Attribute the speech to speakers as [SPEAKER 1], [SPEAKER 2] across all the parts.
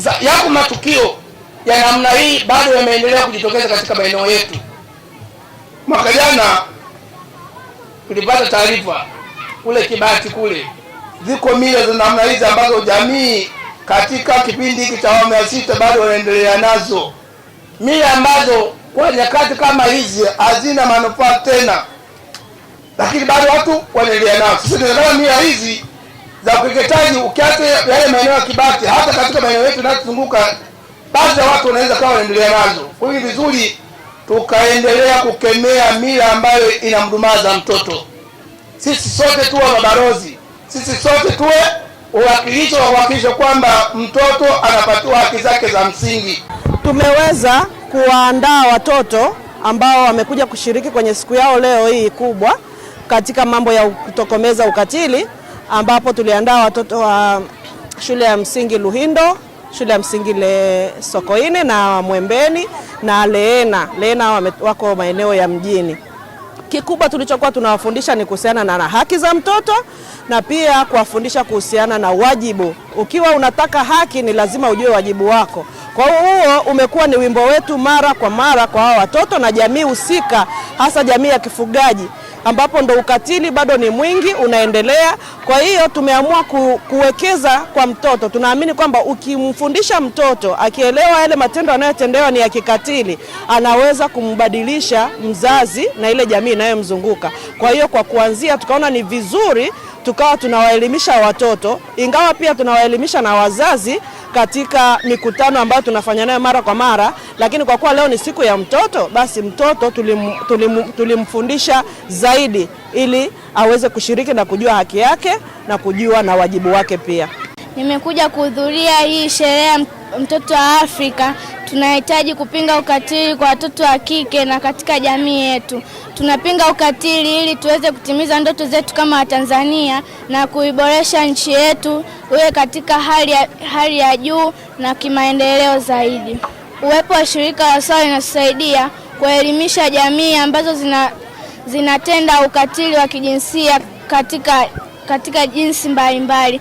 [SPEAKER 1] Sasa yako matukio ya namna hii bado yameendelea kujitokeza katika maeneo yetu. Mwaka jana tulipata taarifa kule Kibati kule, ziko mila za namna hizi ambazo jamii katika kipindi hiki cha awamu ya sita bado wanaendelea nazo, mila ambazo kwa nyakati kama hizi hazina manufaa tena, lakini bado watu wanaendelea nazo. Sasa mila hizi za ukeketaji, ukiacha yale maeneo ya Kibati, hata katika maeneo yetu yanayotuzunguka baadhi ya watu wanaweza kawa wanaendelea nazo. Kwa hiyo vizuri tukaendelea kukemea mila ambayo inamdumaza mtoto. Sisi sote tuwe mabalozi, sisi sote tuwe uwakilisho wa kuhakikisha kwamba mtoto anapatiwa haki zake za msingi.
[SPEAKER 2] Tumeweza kuwaandaa watoto ambao wamekuja kushiriki kwenye siku yao leo hii kubwa katika mambo ya kutokomeza ukatili ambapo tuliandaa watoto wa shule ya msingi Luhindo, shule ya msingi le Sokoine na Mwembeni na Leena. Leena wako maeneo ya mjini. Kikubwa tulichokuwa tunawafundisha ni kuhusiana na haki za mtoto na pia kuwafundisha kuhusiana na wajibu. Ukiwa unataka haki, ni lazima ujue wajibu wako. Kwa hiyo huo umekuwa ni wimbo wetu mara kwa mara kwa hawa watoto na jamii husika, hasa jamii ya kifugaji ambapo ndo ukatili bado ni mwingi unaendelea. Kwa hiyo tumeamua ku, kuwekeza kwa mtoto. Tunaamini kwamba ukimfundisha mtoto akielewa yale matendo anayotendewa ni ya kikatili, anaweza kumbadilisha mzazi na ile jamii inayomzunguka. Kwa hiyo kwa kuanzia tukaona ni vizuri tukawa tunawaelimisha watoto, ingawa pia tunawaelimisha na wazazi katika mikutano ambayo tunafanya nayo mara kwa mara, lakini kwa kuwa leo ni siku ya mtoto, basi mtoto tulim, tulim, tulimfundisha zaidi ili aweze kushiriki na kujua haki yake na kujua na wajibu wake pia.
[SPEAKER 3] Nimekuja kuhudhuria hii sherehe ya mtoto wa Afrika Tunahitaji kupinga ukatili kwa watoto wa kike na katika jamii yetu. Tunapinga ukatili ili tuweze kutimiza ndoto zetu kama Watanzania na kuiboresha nchi yetu iwe katika hali ya, hali ya juu na kimaendeleo zaidi. Uwepo wa shirika la SAWA linasaidia kuelimisha jamii ambazo zina, zinatenda ukatili wa kijinsia katika, katika jinsi mbalimbali mbali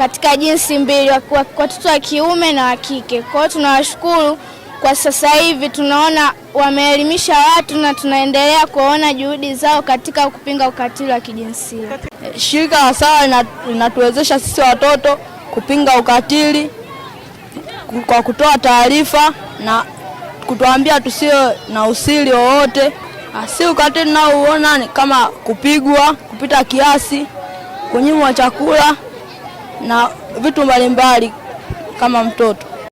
[SPEAKER 3] katika jinsi mbili, watoto wa kiume na wa kike. Kwa hiyo tunawashukuru kwa sasa hivi tunaona wameelimisha watu na tunaendelea kuona juhudi zao katika kupinga ukatili wa kijinsia.
[SPEAKER 4] Shirika la Sawa linatuwezesha sisi watoto kupinga ukatili kwa kutoa taarifa na kutuambia tusio na usiri wowote. Si ukatili naouona ni kama kupigwa kupita kiasi, kunyimwa chakula na vitu mbalimbali kama mtoto.